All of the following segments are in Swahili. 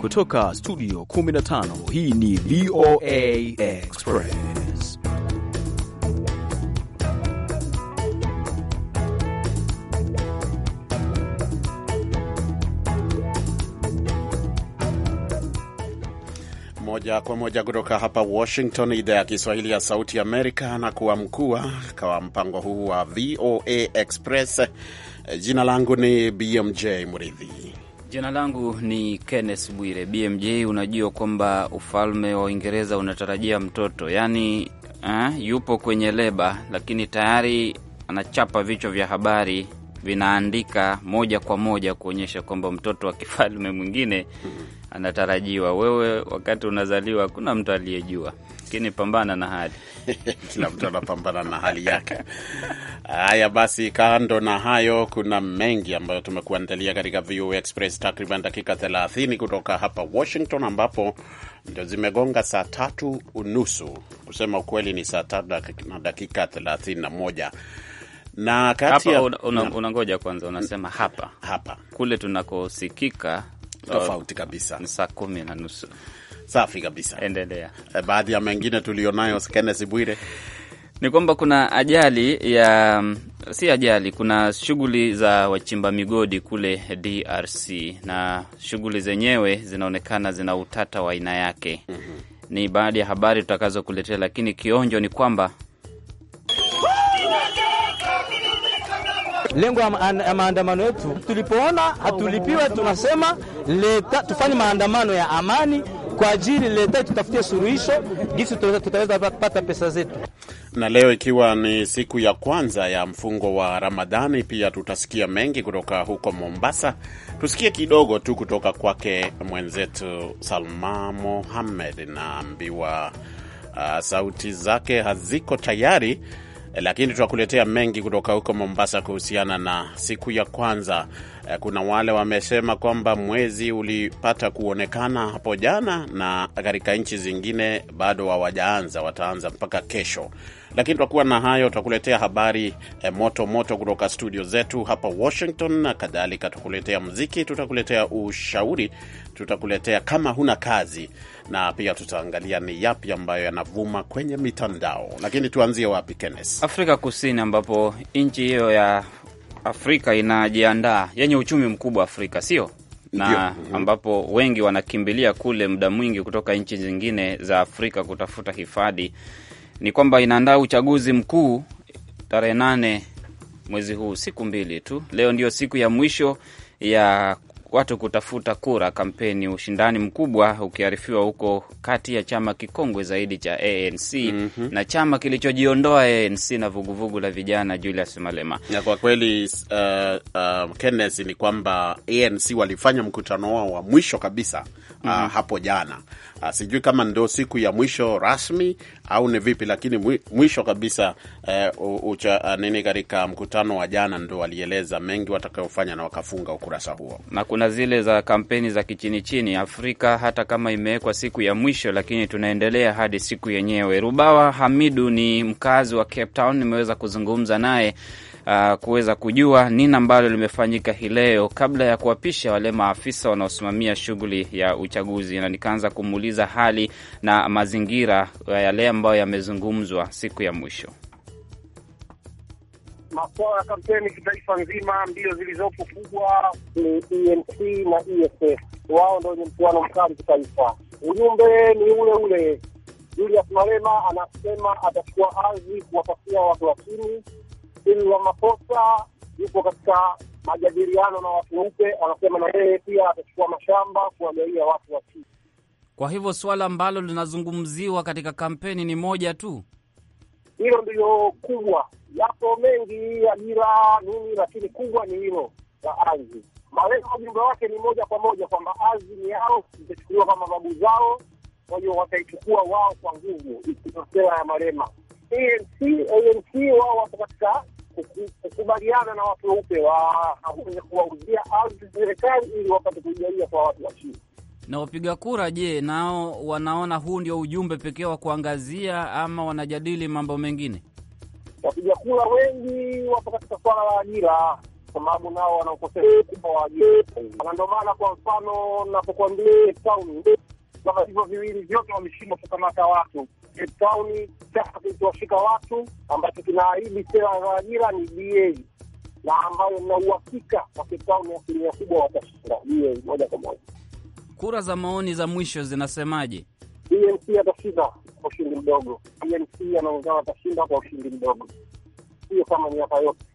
Kutoka studio 15 hii ni VOA Express. Moja kwa moja kutoka hapa Washington, idhaa ya Kiswahili ya Sauti Amerika na kuwa mkua kwa mpango huu wa VOA Express. Jina langu ni BMJ Mridhi Jina langu ni Kenneth Bwire. BMJ, unajua kwamba ufalme wa Uingereza unatarajia mtoto, yaani eh, yupo kwenye leba, lakini tayari anachapa vichwa vya habari vinaandika moja kwa moja kuonyesha kwamba mtoto wa kifalme mwingine anatarajiwa. Wewe wakati unazaliwa, hakuna mtu aliyejua lakini pambana na hali kila mtu anapambana na hali yake. Haya basi, kando na hayo, kuna mengi ambayo tumekuandalia katika VOA Express takriban dakika 30 kutoka hapa Washington, ambapo ndio zimegonga saa tatu unusu. Kusema ukweli, ni saa tatu na dakika 31 na kati hapa ya... una, unangoja kwanza, unasema hapa hapa, kule tunakosikika tofauti kabisa, saa kumi na nusu Safi kabisa, endelea. Eh, baadhi ya mengine tulionayo, Kennes Bwire, ni kwamba kuna ajali ya si ajali, kuna shughuli za wachimba migodi kule DRC na shughuli zenyewe zinaonekana zina utata wa aina yake. mm -hmm. Ni baadhi ya habari tutakazokuletea, lakini kionjo ni kwamba lengo ya maandamano yetu tulipoona hatulipiwe, tunasema leta tufanye maandamano ya amani kwa ajili leta tutafutie suluhisho jinsi tutaweza pata pesa zetu. Na leo ikiwa ni siku ya kwanza ya mfungo wa Ramadhani, pia tutasikia mengi kutoka huko Mombasa. Tusikie kidogo tu kutoka kwake mwenzetu Salma Mohamed. Naambiwa uh, sauti zake haziko tayari Eh, lakini tutakuletea mengi kutoka huko Mombasa kuhusiana na siku ya kwanza. Eh, kuna wale wamesema kwamba mwezi ulipata kuonekana hapo jana, na katika nchi zingine bado hawajaanza, wataanza mpaka kesho. Lakini tutakuwa na hayo, tutakuletea habari eh, moto moto kutoka studio zetu hapa Washington na kadhalika. Tutakuletea muziki, tutakuletea ushauri, tutakuletea kama huna kazi na pia tutaangalia ni yapi ambayo yanavuma kwenye mitandao. Lakini tuanzie wapi, Kenneth? Afrika Kusini, ambapo nchi hiyo ya Afrika inajiandaa yenye uchumi mkubwa Afrika, sio na mhm. ambapo wengi wanakimbilia kule muda mwingi kutoka nchi zingine za Afrika kutafuta hifadhi, ni kwamba inaandaa uchaguzi mkuu tarehe nane mwezi huu, siku mbili tu. Leo ndio siku ya mwisho ya watu kutafuta kura, kampeni ushindani mkubwa ukiarifiwa huko kati ya chama kikongwe zaidi cha ANC mm -hmm. na chama kilichojiondoa ANC na vuguvugu la vijana Julius Malema. Na kwa kweli uh, uh, Kenneth, ni kwamba ANC walifanya mkutano wao wa mwisho kabisa mm -hmm. uh, hapo jana uh, sijui kama ndo siku ya mwisho rasmi au ni vipi, lakini mwisho kabisa uh, ucha, uh, nini katika mkutano wa jana ndo walieleza mengi watakayofanya na wakafunga ukurasa huo, na kuna zile za kampeni za kichini chini Afrika, hata kama imewekwa siku ya mwisho, lakini tunaendelea hadi siku yenyewe. Rubawa Hamidu ni mkazi wa Cape Town, nimeweza kuzungumza naye uh, kuweza kujua nini ambalo limefanyika hii leo kabla ya kuwapisha wale maafisa wanaosimamia shughuli ya uchaguzi, na nikaanza kumuuliza hali na mazingira yale ambayo yamezungumzwa siku ya mwisho masuala ya kampeni kitaifa nzima, mbio zilizopo kubwa ni ENC na ESF, wao ndo wenye mchuano mkali kitaifa. Ujumbe ni ule ule. Julius Malema anasema atachukua ardhi kuwapatia watu wa chini, lakini wa makosa katika majadiliano na watu weupe, anasema na yeye pia atachukua mashamba kuwagawia watu wasi. Kwa hivyo suala ambalo linazungumziwa katika kampeni ni moja tu, hilo ndilo kubwa. Yapo mengi, ajira nini, lakini kubwa ni hilo la ardhi. Malengo ujumbe wake ni moja kwa moja kwamba ardhi ni yao, itachukuliwa kama babu zao, kwa hiyo wataichukua wao kwa nguvu, ikiosera ya marema ANC ANC wao wako katika kukubaliana na watu weupe wenye kuwauzia ardhi serikali ili wapate kuigaia kwa watu wa chini. Na wapiga kura, je, nao wanaona huu ndio ujumbe pekee wa kuangazia ama wanajadili mambo mengine? Wapiga kura wengi wapo katika swala la ajira, sababu nao wana ukosefu mkubwa wa ajira, na ndio maana kwa mfano napokuambia, tauni, kama hivyo viwili vyote wameshindwa kukamata watu Cape Town, chama kilichowashika watu ambacho kinaahidi sera za ajira ni DA na ambayo na uhakika wa Cape Town asilimia kubwa watashinda BA moja kwa moja. Kura za maoni za mwisho zinasemaje? DNC atashinda kwa ushindi mdogo. DNC anaonekana atashinda kwa ushindi mdogo, hiyo kama miaka yote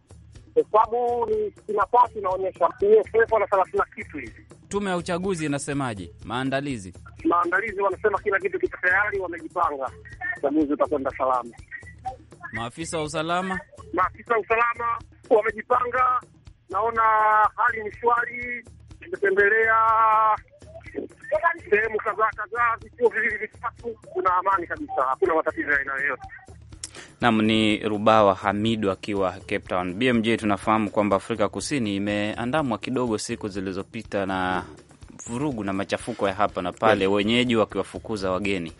kwa sababu ni sitini inaonyesha PSF wana thelathini na kitu hivi. Tume ya uchaguzi inasemaje? Maandalizi, maandalizi wanasema kila kitu kiko tayari, wamejipanga, uchaguzi utakwenda salama. Maafisa wa usalama, maafisa wa usalama wamejipanga, naona hali ni shwari. imetembelea sehemu kadhaa kadhaa, vituo viwili vitatu, kuna amani kabisa, hakuna matatizo ya aina yoyote. Nam ni Rubawa Hamidu akiwa Cape Town. BMJ, tunafahamu kwamba Afrika Kusini imeandamwa kidogo siku zilizopita na vurugu na machafuko ya hapa na pale, wenyeji wakiwafukuza wageni.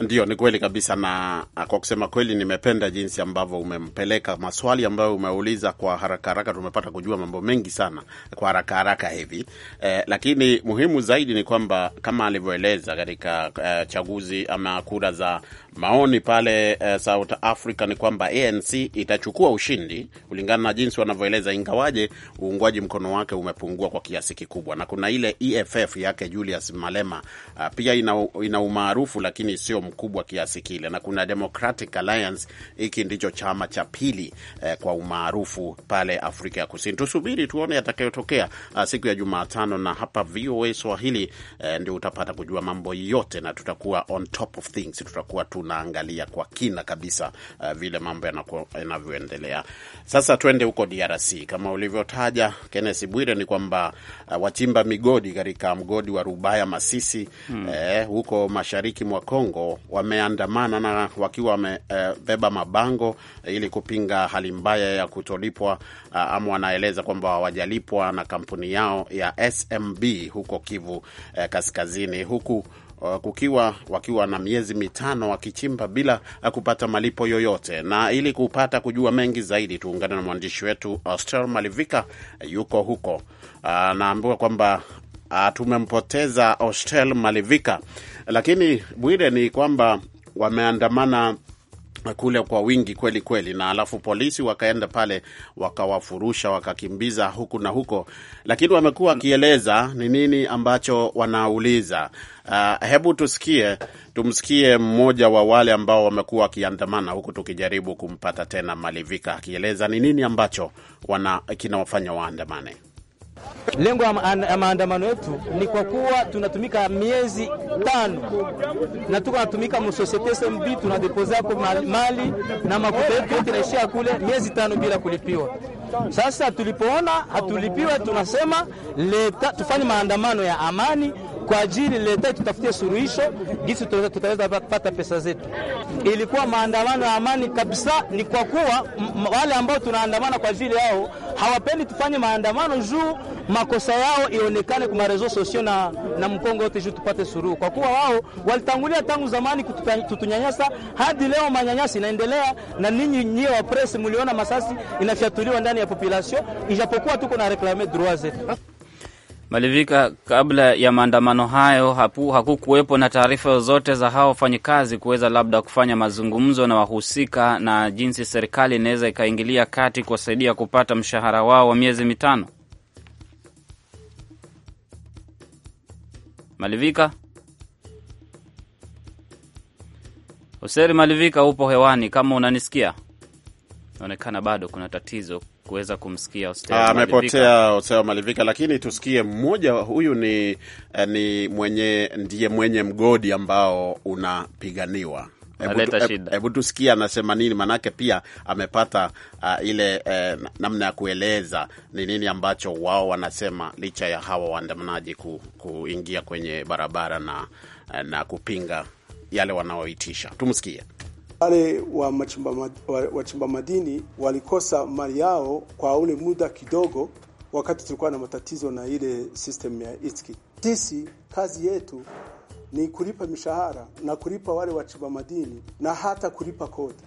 Ndio, ni kweli kabisa, na ah, kwa kusema kweli, nimependa jinsi ambavyo umempeleka maswali ambayo umeuliza kwa haraka haraka. Tumepata kujua mambo mengi sana kwa haraka haraka hivi eh, lakini muhimu zaidi ni kwamba kama alivyoeleza katika eh, chaguzi ama kura za maoni pale eh, South Africa ni kwamba ANC itachukua ushindi kulingana na jinsi wanavyoeleza, ingawaje uungwaji mkono wake umepungua kwa kiasi kikubwa, na kuna ile EFF yake Julius Malema ah, pia ina, ina umaarufu lakini sio mkubwa kiasi kile, na kuna Democratic Alliance. Hiki ndicho chama cha pili eh, kwa umaarufu pale Afrika ya Kusini. Tusubiri tuone yatakayotokea ah, siku ya Jumatano, na hapa VOA Swahili eh, ndio utapata kujua mambo yote, na tutakuwa on top of things, tutakuwa tunaangalia kwa kina kabisa eh, vile mambo yanavyoendelea. Sasa twende huko DRC kama ulivyotaja Kenneth Bwire, ni kwamba uh, wachimba migodi katika mgodi wa Rubaya Masisi, hmm. eh, huko mashariki mwa Kongo wameandamana na wakiwa wamebeba uh, mabango ili kupinga hali mbaya ya kutolipwa uh, ama wanaeleza kwamba hawajalipwa na kampuni yao ya SMB huko Kivu uh, Kaskazini huku uh, kukiwa wakiwa na miezi mitano wakichimba bila kupata malipo yoyote. Na ili kupata kujua mengi zaidi, tuungane na mwandishi wetu Austel Malivika, yuko huko. Uh, naambiwa kwamba Ah, tumempoteza Ostel Malivika. Lakini Bwire, ni kwamba wameandamana kule kwa wingi kweli kweli, na alafu polisi wakaenda pale wakawafurusha wakakimbiza huku na huko, lakini wamekuwa wakieleza ni nini ambacho wanauliza. Uh, hebu tusikie, tumsikie mmoja wa wale ambao wamekuwa wakiandamana huku, tukijaribu kumpata tena Malivika akieleza ni nini ambacho kinawafanya waandamane. Lengo ya maandamano yetu ni kwa kuwa tunatumika miezi tano na tuko natumika msosiete SMB, tunadepozako mali na makuta yetu yote naishia kule miezi tano bila kulipiwa. Sasa tulipoona hatulipiwe, tunasema leta tufanye maandamano ya amani kwa ajili leta tutafutie suluhisho jinsi tutaweza kupata pesa zetu. Ilikuwa maandamano ya amani kabisa, ni kwa kuwa wale ambao tunaandamana kwa ajili yao hawapendi tufanye maandamano juu makosa yao ionekane kwa marezo sosio na, na mkongo wote juu tupate suluhu, kwa kuwa wao walitangulia tangu zamani kutunyanyasa hadi leo, manyanyasi inaendelea na ninyi nyie wa press mliona masasi inafyatuliwa ndani ya population, ijapokuwa tuko na reclamer droit zetu. Malivika, kabla ya maandamano hayo hapu, hakukuwepo na taarifa zozote za hao wafanyikazi kuweza labda kufanya mazungumzo na wahusika na jinsi serikali inaweza ikaingilia kati kuwasaidia kupata mshahara wao wa miezi mitano. Malivika Hoseri Malivika, upo hewani kama unanisikia? Inaonekana bado kuna tatizo kuweza kumsikia ah, amepotea Hosea Malivika, lakini tusikie mmoja huyu ni, eh, ni mwenye ndiye mwenye mgodi ambao unapiganiwa. Hebu tusikie anasema nini, maanake pia amepata uh, ile uh, namna ya kueleza ni nini ambacho wao wanasema licha ya hawa waandamanaji ku, kuingia kwenye barabara na, eh, na kupinga yale wanaoitisha. Tumsikie wale wachimba madini walikosa mali yao kwa ule muda kidogo, wakati tulikuwa na matatizo na ile system ya itski. Sisi kazi yetu ni kulipa mishahara na kulipa wale wachimba madini na hata kulipa kodi.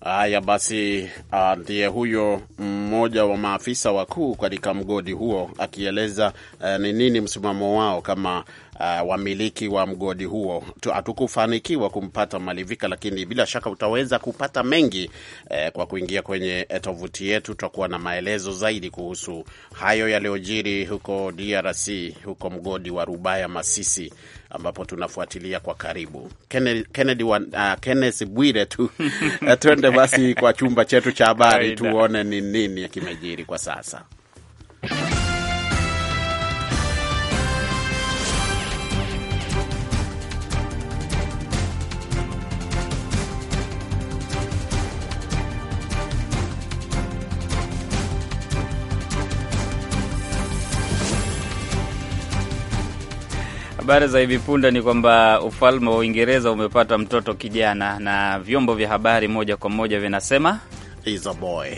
Haya basi, ah, ndiye huyo mmoja wa maafisa wakuu katika mgodi huo akieleza eh, ni nini msimamo wao kama uh, wamiliki wa mgodi huo. Hatukufanikiwa kumpata Malivika, lakini bila shaka utaweza kupata mengi eh, kwa kuingia kwenye eh, tovuti yetu. Tutakuwa na maelezo zaidi kuhusu hayo yaliyojiri huko DRC, huko mgodi wa Rubaya Masisi, ambapo tunafuatilia kwa karibu. Kennedy uh, Bwire tu eh, tuende basi kwa chumba chetu cha habari tuone ni nini kimejiri kwa sasa. Habari za hivi punde ni kwamba ufalme wa Uingereza umepata mtoto kijana, na vyombo vya habari moja kwa moja vinasema a boy.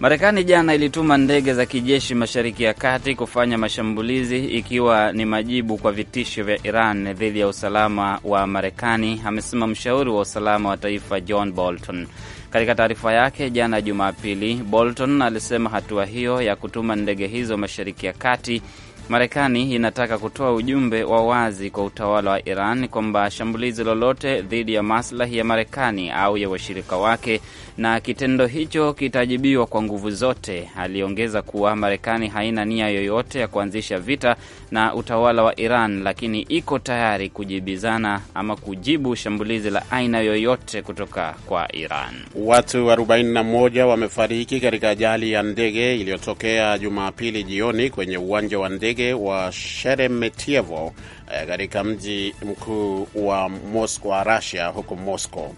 Marekani jana ilituma ndege za kijeshi mashariki ya kati kufanya mashambulizi ikiwa ni majibu kwa vitisho vya Iran dhidi ya usalama wa Marekani, amesema mshauri wa usalama wa taifa John Bolton. Katika taarifa yake jana Jumapili, Bolton alisema hatua hiyo ya kutuma ndege hizo mashariki ya kati Marekani inataka kutoa ujumbe wa wazi kwa utawala wa Iran kwamba shambulizi lolote dhidi ya maslahi ya Marekani au ya washirika wake na kitendo hicho kitajibiwa kwa nguvu zote. Aliongeza kuwa Marekani haina nia yoyote ya kuanzisha vita na utawala wa Iran, lakini iko tayari kujibizana ama kujibu shambulizi la aina yoyote kutoka kwa Iran. Watu 41 wamefariki katika ajali ya ndege iliyotokea Jumapili jioni kwenye uwanja wa ndege ndege wa Sheremetyevo eh, katika mji mkuu wa Moscow wa Russia, huko Moscow.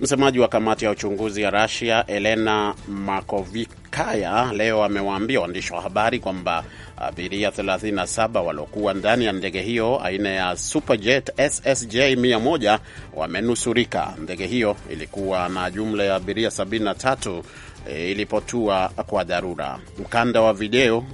Msemaji wa kamati ya uchunguzi ya Russia Elena Makovikaya leo amewaambia waandishi wa habari kwamba abiria 37 waliokuwa ndani ya ndege hiyo aina ya Superjet SSJ 100 wamenusurika. Ndege hiyo ilikuwa na jumla ya abiria 73 e, ilipotua kwa dharura. Mkanda wa video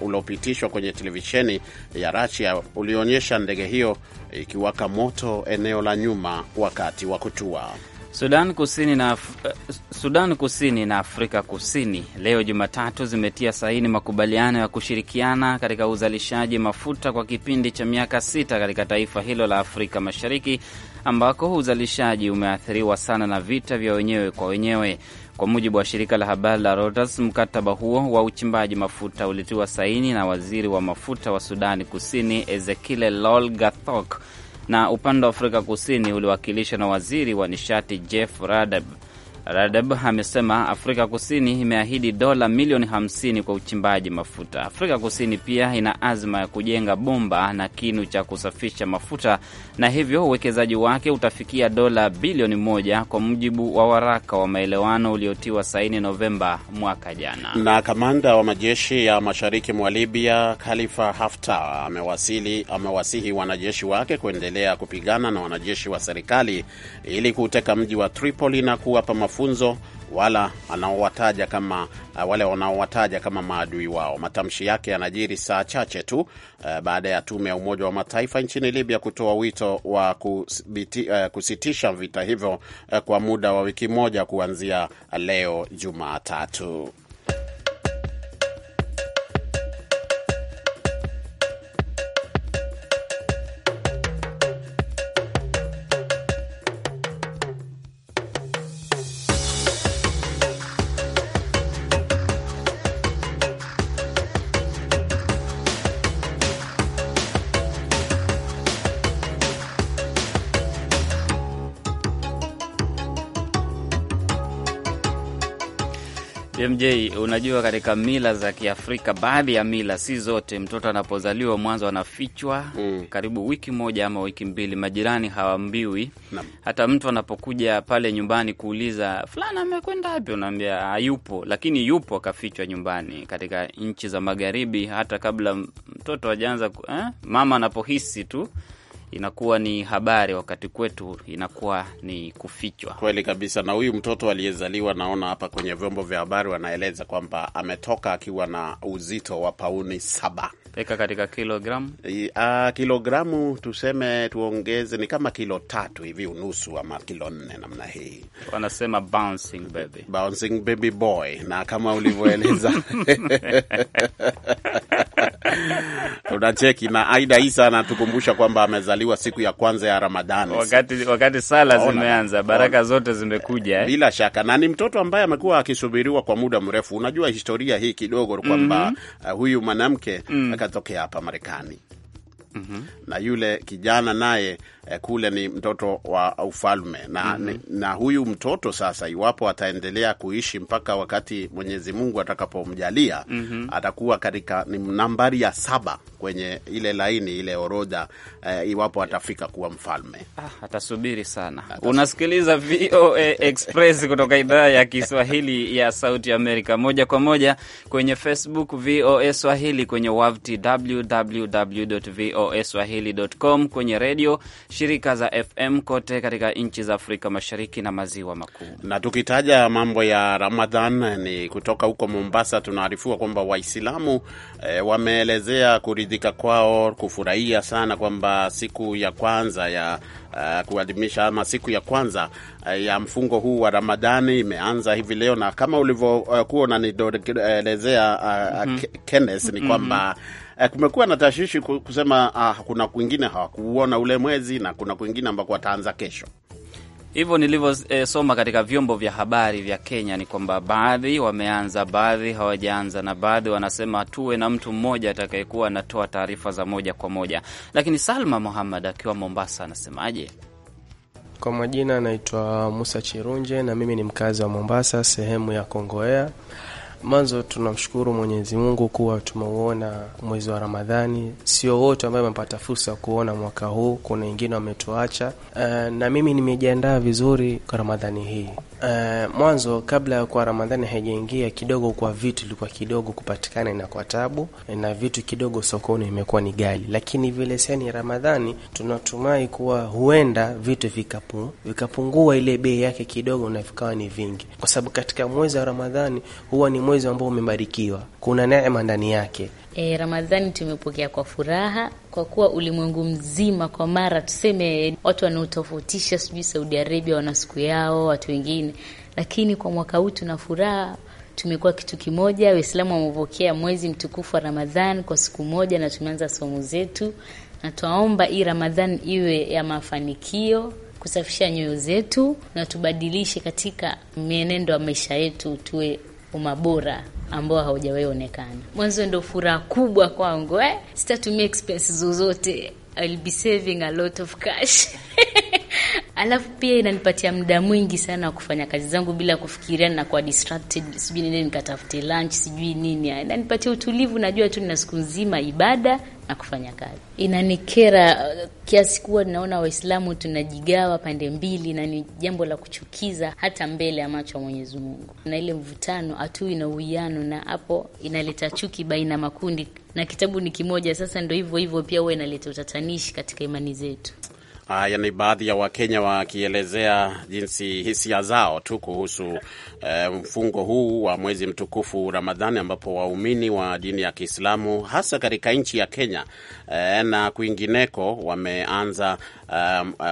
uliopitishwa kwenye televisheni ya Rasia ulionyesha ndege hiyo ikiwaka moto eneo la nyuma wakati wa kutua. Sudan Kusini na Af eh, Sudan Kusini na Afrika Kusini leo Jumatatu zimetia saini makubaliano ya kushirikiana katika uzalishaji mafuta kwa kipindi cha miaka sita katika taifa hilo la Afrika Mashariki ambako uzalishaji umeathiriwa sana na vita vya wenyewe kwa wenyewe. Kwa mujibu wa shirika la habari la Reuters, mkataba huo wa uchimbaji mafuta ulitiwa saini na waziri wa mafuta wa Sudani Kusini Ezekile Lol Gathok, na upande wa Afrika Kusini uliwakilishwa na waziri wa nishati Jeff Radebe. Radeb amesema Afrika Kusini imeahidi dola milioni 50 kwa uchimbaji mafuta. Afrika Kusini pia ina azma ya kujenga bomba na kinu cha kusafisha mafuta na hivyo uwekezaji wake utafikia dola bilioni moja kwa mujibu wa waraka wa maelewano uliotiwa saini Novemba mwaka jana. Na kamanda wa majeshi ya mashariki mwa Libya Khalifa Haftar amewasili amewasihi wanajeshi wake kuendelea kupigana na wanajeshi wa serikali ili kuuteka mji wa Tripoli na kuwapa mafuta mafunzo wala anaowataja kama uh, wale wanaowataja kama maadui wao. Matamshi yake yanajiri saa chache tu uh, baada ya tume ya Umoja wa Mataifa nchini Libya kutoa wito wa kusbiti, uh, kusitisha vita hivyo uh, kwa muda wa wiki moja kuanzia leo Jumatatu. MJ, unajua katika mila za Kiafrika, baadhi ya mila, si zote, mtoto anapozaliwa mwanzo anafichwa mm. karibu wiki moja ama wiki mbili, majirani hawambiwi na. Hata mtu anapokuja pale nyumbani kuuliza fulana amekwenda wapi, unaambia hayupo, lakini yupo, akafichwa nyumbani. Katika nchi za Magharibi, hata kabla mtoto ajaanza eh, mama anapohisi tu inakuwa ni habari, wakati kwetu inakuwa ni kufichwa. Kweli kabisa. Na huyu mtoto aliyezaliwa, naona hapa kwenye vyombo vya habari wanaeleza kwamba ametoka akiwa na uzito wa pauni saba. Weka katika kilogramu uh, kilogramu tuseme, tuongeze ni kama kilo tatu hivi unusu ama kilo nne namna hii. Wanasema bouncing baby, bouncing baby boy, na kama ulivyoeleza tunacheki na Aida Isa anatukumbusha kwamba amezaliwa siku ya kwanza ya Ramadhani wakati, wakati sala zimeanza, baraka ona, zote zimekuja eh? Bila shaka na ni mtoto ambaye amekuwa akisubiriwa kwa muda mrefu. Unajua historia hii kidogo kwamba mm -hmm. uh, huyu mwanamke mm -hmm likatokea hapa Marekani mm -hmm. na yule kijana naye eh, kule ni mtoto wa ufalme na, mm -hmm. na huyu mtoto sasa, iwapo ataendelea kuishi mpaka wakati Mwenyezi Mungu atakapomjalia mm -hmm. atakuwa katika nambari ya saba kwenye ile laini ile orodha eh, iwapo atafika kuwa mfalme. Ah, atasubiri sana. Atasubiri. Unasikiliza VOA Express kutoka idhaa ya Kiswahili ya Sauti Amerika, moja kwa moja kwenye Facebook VOA Swahili, kwenye wavuti www voaswahili.com, kwenye redio shirika za FM kote katika nchi za Afrika Mashariki na Maziwa Makuu. Na tukitaja mambo ya Ramadhan ni kutoka huko Mombasa, tunaarifua kwamba Waislamu e, wameelezea kuridhika kwao, kufurahia sana kwamba siku ya kwanza ya Uh, kuadhimisha ama siku ya kwanza uh, ya mfungo huu wa Ramadhani imeanza hivi leo, na kama ulivyokuwa uh, unanielezea uh, mm -hmm. Kenneth ni mm-hmm. kwamba mm -hmm eh, kumekuwa na tashishi kusema ah, kuna kwingine hawakuuona ule mwezi na kuna kwingine ambako wataanza kesho. Hivyo nilivyosoma eh, katika vyombo vya habari vya Kenya ni kwamba baadhi wameanza, baadhi hawajaanza, na baadhi wanasema tuwe na mtu mmoja atakayekuwa anatoa taarifa za moja kwa moja. Lakini Salma Muhammad akiwa Mombasa anasemaje? Kwa majina anaitwa Musa Chirunje na mimi ni mkazi wa Mombasa, sehemu ya Kongowea. Mwanzo tunamshukuru Mwenyezi Mungu kuwa tumeuona mwezi wa Ramadhani. Sio wote ambayo wamepata fursa ya kuona mwaka huu, kuna wengine wametuacha. Uh, na mimi nimejiandaa vizuri kwa Ramadhani hii. Uh, mwanzo kabla ya kuwa Ramadhani haijaingia kidogo, kwa vitu ilikuwa kidogo kupatikana na kwa tabu, na vitu kidogo sokoni imekuwa ni gali, lakini vile sani Ramadhani tunatumai kuwa huenda vitu vikapu, vikapungua ile bei yake kidogo na vikawa ni vingi, kwa sababu katika mwezi wa Ramadhani huwa ni mwezi ambao umebarikiwa, kuna neema ndani yake. E, Ramadhani tumepokea kwa furaha, kwa kuwa ulimwengu mzima kwa mara tuseme, watu wanaotofautisha, sijui Saudi Arabia wana siku yao, watu wengine, lakini kwa mwaka huu tuna furaha tumekuwa kitu kimoja. Waislamu wamepokea mwezi mtukufu wa Ramadhani kwa siku moja, na tumeanza somo zetu, na twaomba hii Ramadhani iwe ya mafanikio, kusafisha nyoyo zetu na tubadilishe katika mienendo ya maisha yetu, tuwe umabora ambao haujawahi onekana. Mwanzo ndo furaha kubwa kwangu eh? Sitatumia expenses zozote, I'll be saving a lot of cash Alafu pia inanipatia muda mwingi sana wa kufanya kazi zangu bila kufikiria na kuwa distracted, sijui niende nikatafute lunch, sijui nini. Inanipatia utulivu, najua tu nina siku nzima ibada na kufanya kazi. Inanikera uh, kiasi kuwa naona Waislamu tunajigawa pande mbili, na ni jambo la kuchukiza hata mbele ya macho ya Mwenyezi Mungu, na ile mvutano hatui na uwiano, na hapo inaleta chuki baina makundi, na kitabu ni kimoja. Sasa ndo hivyo hivyo, pia huwa inaleta utatanishi katika imani zetu. Haya ni baadhi ya Wakenya wakielezea jinsi hisia zao tu kuhusu eh, mfungo huu wa mwezi mtukufu Ramadhani, ambapo waumini wa dini ya Kiislamu hasa katika nchi ya Kenya eh, na kwingineko wameanza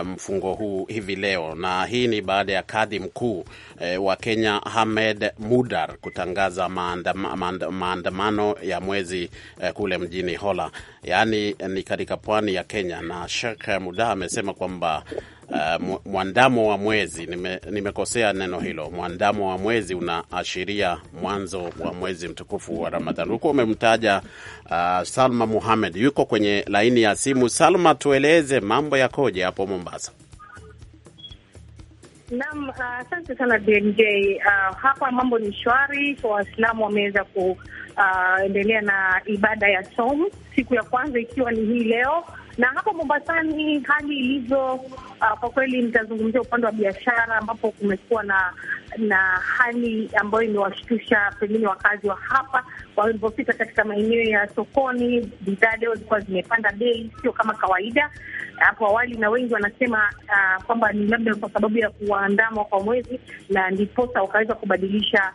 mfungo um, um, huu hivi leo, na hii ni baada ya kadhi mkuu eh, wa Kenya Hamed Mudar kutangaza maandama, maanda, maandamano ya mwezi eh, kule mjini Hola, yaani ni katika pwani ya Kenya, na Sheikh Mudar amesema kwamba uh, mwandamo wa mwezi nime, nimekosea neno hilo. Mwandamo wa mwezi unaashiria mwanzo wa mwezi mtukufu wa ramadhan Huko umemtaja uh, Salma Muhamed yuko kwenye laini ya simu. Salma, tueleze mambo yakoje hapo Mombasa? Naam, eh, asante uh, sana BMJ. Uh, hapa mambo ni shwari kwa Waislamu, wameweza kuendelea uh, na ibada ya somu siku ya kwanza ikiwa ni hii leo na hapa Mombasani hali ilivyo, uh, kwa kweli nitazungumzia upande wa biashara, ambapo kumekuwa na na hali ambayo imewashtusha pengine wakazi wa hapa walivyopita katika maeneo ya sokoni. Bidhaa leo zilikuwa zimepanda bei, sio kama kawaida hapo awali, na wengi wanasema uh, kwamba ni labda kwa sababu ya kuandama kwa mwezi, na ndiposa wakaweza kubadilisha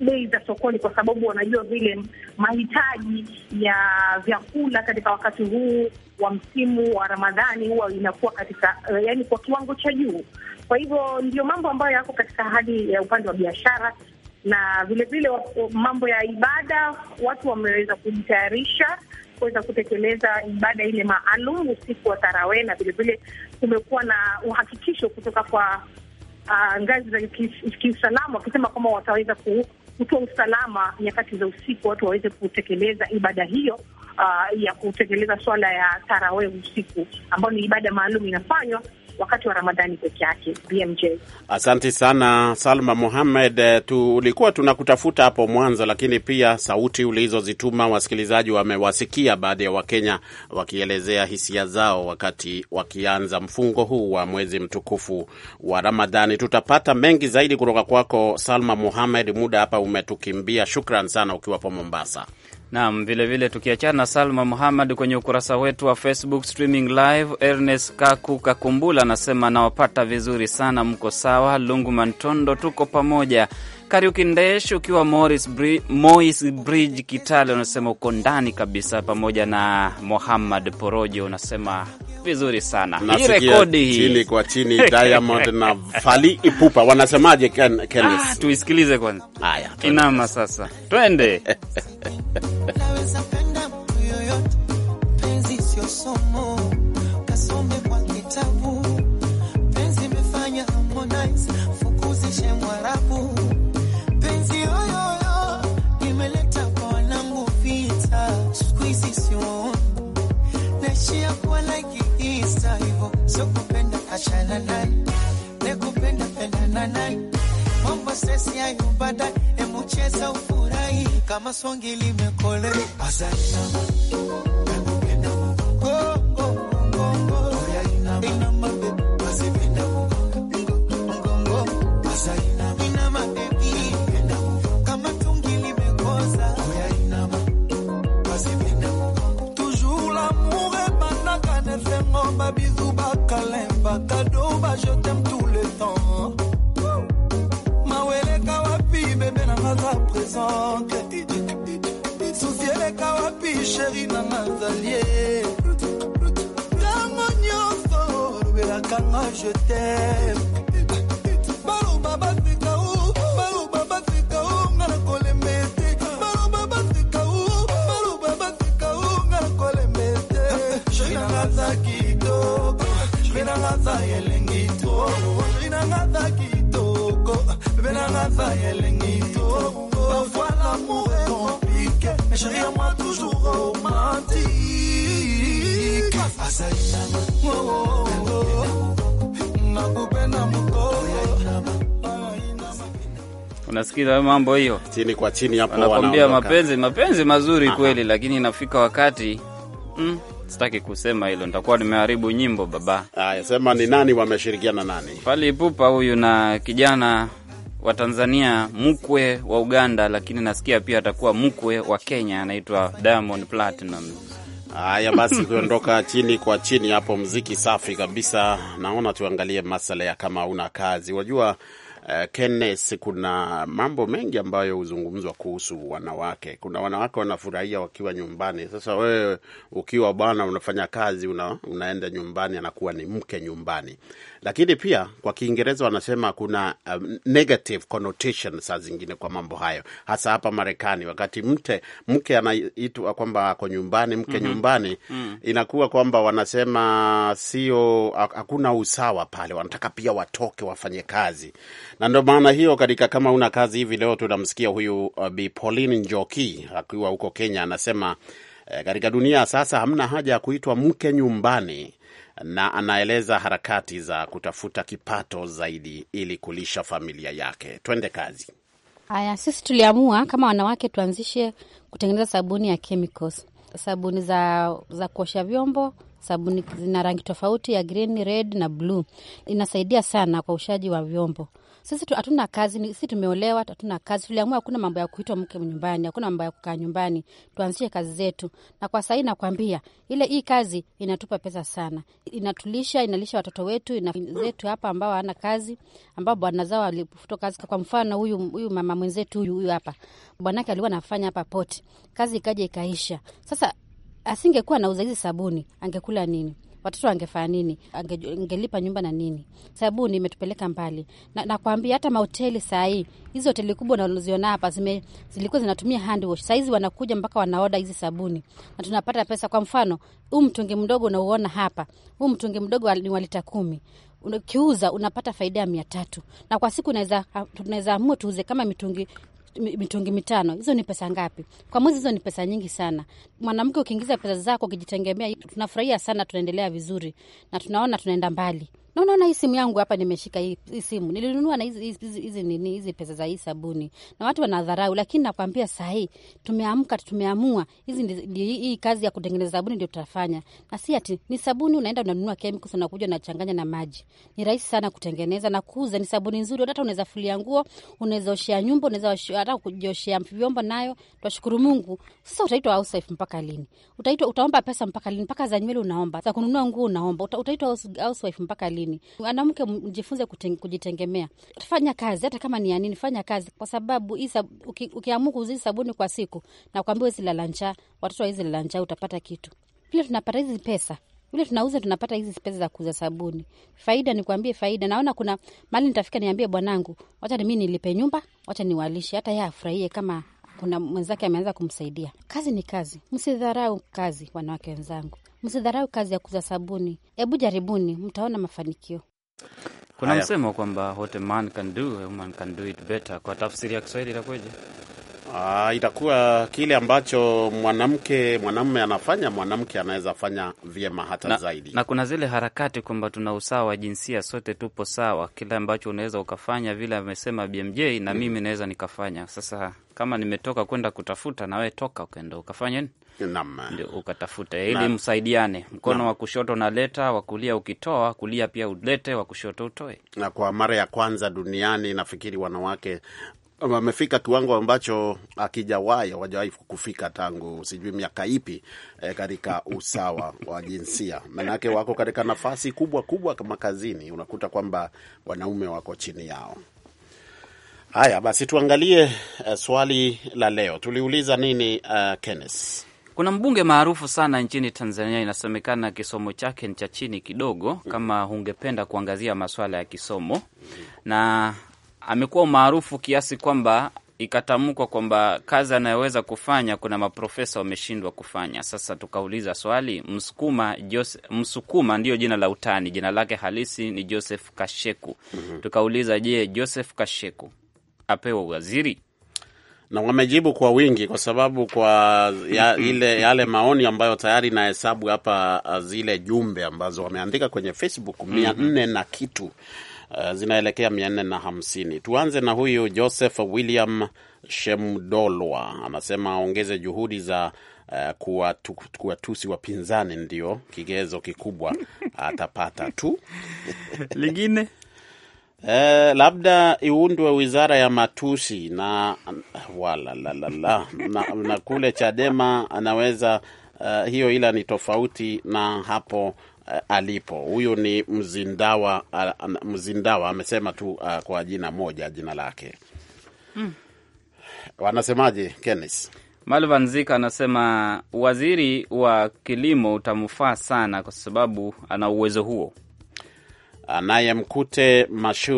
bei za sokoni, kwa sababu wanajua vile mahitaji ya vyakula katika wakati huu wa msimu wa Ramadhani huwa inakuwa katika uh, yani kwa kiwango cha juu. Kwa hivyo ndio mambo ambayo yako katika hali ya upande wa biashara na vilevile mambo ya ibada, watu wameweza kujitayarisha kuweza kutekeleza ibada ile maalum usiku wa Tarawee, na vilevile kumekuwa na uhakikisho kutoka kwa uh, ngazi za kiusalama wakisema kwamba wataweza ku, kutoa usalama nyakati za usiku, watu waweze kutekeleza ibada hiyo. Uh, ya kutekeleza swala ya tarawe usiku ambayo ni ibada maalum inafanywa wakati wa Ramadhani peke yake. BMJ, asante sana Salma Mohamed. Eh, Tulikuwa tunakutafuta hapo mwanzo, lakini pia sauti ulizozituma wasikilizaji wamewasikia baadhi ya Wakenya wakielezea hisia zao wakati wakianza mfungo huu wa mwezi mtukufu wa Ramadhani. Tutapata mengi zaidi kutoka kwako Salma muhamed muda hapa umetukimbia. Shukran sana ukiwapo Mombasa. Naam, vilevile tukiachana na Salma Muhammad kwenye ukurasa wetu wa Facebook streaming live, Ernest Kaku Kakumbula anasema nawapata vizuri sana, mko sawa? Lungu Mantondo, tuko pamoja. Kariuki Ndesh ukiwa Morris Bri, Mois Bridge Kitale, unasema uko ndani kabisa, pamoja na Muhammad Porojo, unasema vizuri sana hii rekodi hii chini kwa chini Diamond na Fali Ipupa wanasemaje? Ken, ah, tuisikilize kwanza. Haya, inama sasa, twende achana naye, nekupenda penda naye, mambo sesi ya yubada, emucheza ufurahi kama songi limekolea je t'aime. ou, ou, nga na kolemete. ou, ou, nga na kolemete. Parfois l'amour est compliqué, mais moi toujours romantique. unasikiza mambo hiyo chini kwa chini hapo, wanakwambia mapenzi mapenzi mazuri Aha. Kweli, lakini inafika wakati mm. Sitaki kusema hilo, nitakuwa nimeharibu nyimbo baba. Aya, sema ni nani wameshirikiana nani? Fally Ipupa huyu na kijana wa Tanzania, mkwe wa Uganda, lakini nasikia pia atakuwa mkwe wa Kenya, anaitwa Diamond Platinum. Haya basi, kuondoka chini kwa chini hapo, mziki safi kabisa. Naona tuangalie masala ya kama una kazi, unajua Eh, Kenneth, kuna mambo mengi ambayo huzungumzwa kuhusu wanawake. Kuna wanawake wanafurahia wakiwa nyumbani. Sasa wewe ukiwa bwana unafanya kazi una, unaenda nyumbani, anakuwa ni mke nyumbani, lakini pia kwa Kiingereza wanasema kuna uh, negative connotation saa zingine kwa mambo hayo, hasa hapa Marekani wakati mte mke anaitwa kwamba ako nyumbani, mke mm -hmm. nyumbani mm -hmm. inakuwa kwamba wanasema sio, hakuna usawa pale, wanataka pia watoke wafanye kazi na ndio maana hiyo, katika kama una kazi hivi leo, tunamsikia huyu uh, Bi Pauline Njoki akiwa huko Kenya, anasema eh, katika dunia sasa hamna haja ya kuitwa mke nyumbani, na anaeleza harakati za kutafuta kipato zaidi ili kulisha familia yake. Twende kazi. Haya, sisi tuliamua kama wanawake tuanzishe kutengeneza sabuni ya chemicals, sabuni za, za kuosha vyombo sabuni zina rangi tofauti ya green, red na blue. Inasaidia sana kwa ushaji wa vyombo. Sisi hatuna kazi, sisi tumeolewa, hatuna kazi. Tuliamua hakuna mambo ya kuitwa mke nyumbani, hakuna mambo ya kukaa nyumbani, tuanzishe kazi zetu. Na kwa sahii nakwambia, ile hii kazi inatupa pesa sana, inatulisha, inalisha watoto wetu, ina zetu hapa ambao hawana kazi, ambao bwana zao walifuta kazi. Kwa mfano huyu huyu mama mwenzetu huyu huyu hapa, bwanake alikuwa anafanya hapa poti, kazi ikaja ikaisha. Sasa asingekuwa anauza hizi sabuni, angekula nini? watoto wangefanya nini? Angelipa nyumba na nini? Sababu nimetupeleka mbali na, nakwambia hata mahoteli sahii, hizi hoteli kubwa unaloziona hapa zime, zilikuwa zinatumia hand wash, hizi wanakuja mpaka wanaoda hizi sabuni na tunapata pesa. Kwa mfano huu mtungi mdogo unauona hapa, huu mtungi mdogo ni wa lita kumi ukiuza unapata faida ya mia tatu na kwa siku tunaweza amua tuuze kama mitungi mitungi mitano, hizo ni pesa ngapi kwa mwezi? Hizo ni pesa nyingi sana. Mwanamke ukiingiza pesa zako ukijitegemea, tunafurahia sana, tunaendelea vizuri na tunaona tunaenda mbali na unaona hii simu yangu hapa, nimeshika hii simu nilinunua na hizi nini, hizi pesa za hii sabuni, na watu wanadharau, lakini nakwambia sahii tumeamka, tumeamua hizi hii kazi ya kutengeneza sabuni ndio tutafanya, na si ati ni sabuni unaenda unanunua chemicals unakuja unachanganya na maji. Ni rahisi sana kutengeneza na kuuza, ni sabuni nzuri, hata unaweza fulia nguo, unaweza oshea nyumba, unaweza hata kujoshea vyombo nayo. Twashukuru Mungu. Sasa utaitwa housewife mpaka lini? Utaitwa utaomba pesa mpaka lini? Mpaka za nywele unaomba, za kununua nguo unaomba, utaitwa housewife mpaka lini? nini. Mwanamke mjifunze kujitegemea, fanya kazi hata kama ni ya nini, fanya kazi, kwa sababu ukiamua uki, ukiamua sabuni kwa siku na kuambia hizi lala njaa, watoto hizi lala njaa, utapata kitu vile. Tunapata hizi pesa vile tunauza, tunapata hizi pesa za kuuza sabuni. Faida nikuambie faida naona kuna mali nitafika, niambie bwanangu, wacha mi nilipe nyumba, wacha niwalishe, hata ye afurahie kama kuna mwenzake ameanza kumsaidia. Kazi ni kazi, msidharau kazi, wanawake wenzangu. Msidharau kazi ya kuza sabuni, hebu jaribuni, mtaona mafanikio. Kuna Aya, msemo kwamba what a man can do, a woman can do it better. Kwa tafsiri ya Kiswahili itakuwaje? Uh, ah, itakuwa kile ambacho mwanamke mwanamume anafanya mwanamke anaweza fanya vyema hata na zaidi. Na kuna zile harakati kwamba tuna usawa wa jinsia, sote tupo sawa, kile ambacho unaweza ukafanya, vile amesema BMJ na mm. mimi naweza nikafanya. Sasa kama nimetoka kwenda kutafuta, nawe toka ukaenda ukafanya nini? ndio ukatafuta, ili msaidiane, mkono wa kushoto unaleta, wa kulia ukitoa, kulia pia ulete, wa kushoto utoe. Na kwa mara ya kwanza duniani nafikiri wanawake wamefika kiwango ambacho akijawai hawajawahi kufika tangu sijui miaka ipi, e, katika usawa wa jinsia. Manake wako katika nafasi kubwa kubwa kama kazini, unakuta kwamba wanaume wako chini yao. Haya basi, tuangalie uh, swali la leo tuliuliza nini, uh, Kenneth? Kuna mbunge maarufu sana nchini Tanzania, inasemekana kisomo chake ni cha chini kidogo, kama ungependa kuangazia maswala ya kisomo, na amekuwa maarufu kiasi kwamba ikatamkwa kwamba kazi anayoweza kufanya kuna maprofesa wameshindwa kufanya. Sasa tukauliza swali, Msukuma Jose, Msukuma ndiyo jina la utani, jina lake halisi ni Joseph Kasheku. Mhm. Tukauliza, je, Joseph Kasheku apewa uwaziri? na wamejibu kwa wingi, kwa sababu kwa ya, ile yale maoni ambayo tayari hesabu hapa, uh, zile jumbe ambazo wameandika kwenye Facebook mhm. mia nne na kitu uh, zinaelekea mia nne na hamsini. Tuanze na huyu Joseph William Shemdolwa, anasema aongeze juhudi za Uh, kuwatusi kuwa wapinzani ndio kigezo kikubwa atapata tu. Lingine Eh, labda iundwe wizara ya matusi na wala la, la, la, na, na kule Chadema anaweza uh, hiyo, ila ni tofauti na hapo uh, alipo. Huyu ni Mzindawa uh, Mzindawa amesema tu uh, kwa jina moja jina lake hmm. Wanasemaje Kenneth? Malvanzika anasema waziri wa kilimo utamfaa sana kwa sababu ana uwezo huo naye Mkute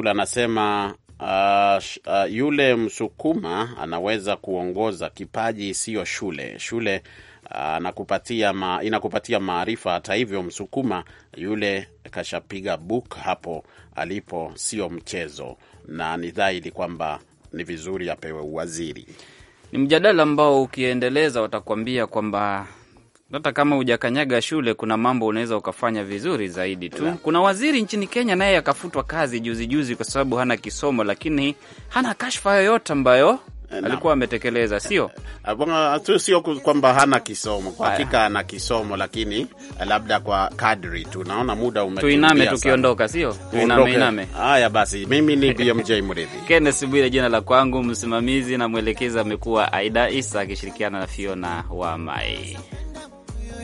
anasema uh, uh, yule Msukuma anaweza kuongoza, kipaji siyo shule. Shule uh, anakupatia ma, inakupatia maarifa. Hata hivyo, Msukuma yule kashapiga book hapo alipo, sio mchezo, na ni dhahiri kwamba ni vizuri apewe uwaziri. Ni mjadala ambao ukiendeleza watakuambia kwamba hata kama hujakanyaga shule, kuna mambo unaweza ukafanya vizuri zaidi tu yeah. Kuna waziri nchini Kenya naye akafutwa kazi juzijuzi juzi kwa sababu hana kisomo, lakini hana kashfa yoyote ambayo alikuwa ametekeleza, sio eh, tu, sio kwamba hana kisomo. Kwa hakika ana kisomo, lakini eh, labda kwa kadri tu. Naona muda tuiname tukiondoka, sio tuiname, iname. Haya basi, mimi ni BMJ Mridhi, Kennes Bwire jina la kwangu, msimamizi na mwelekezi amekuwa Aida Isa akishirikiana na Fiona wa Mai.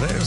There's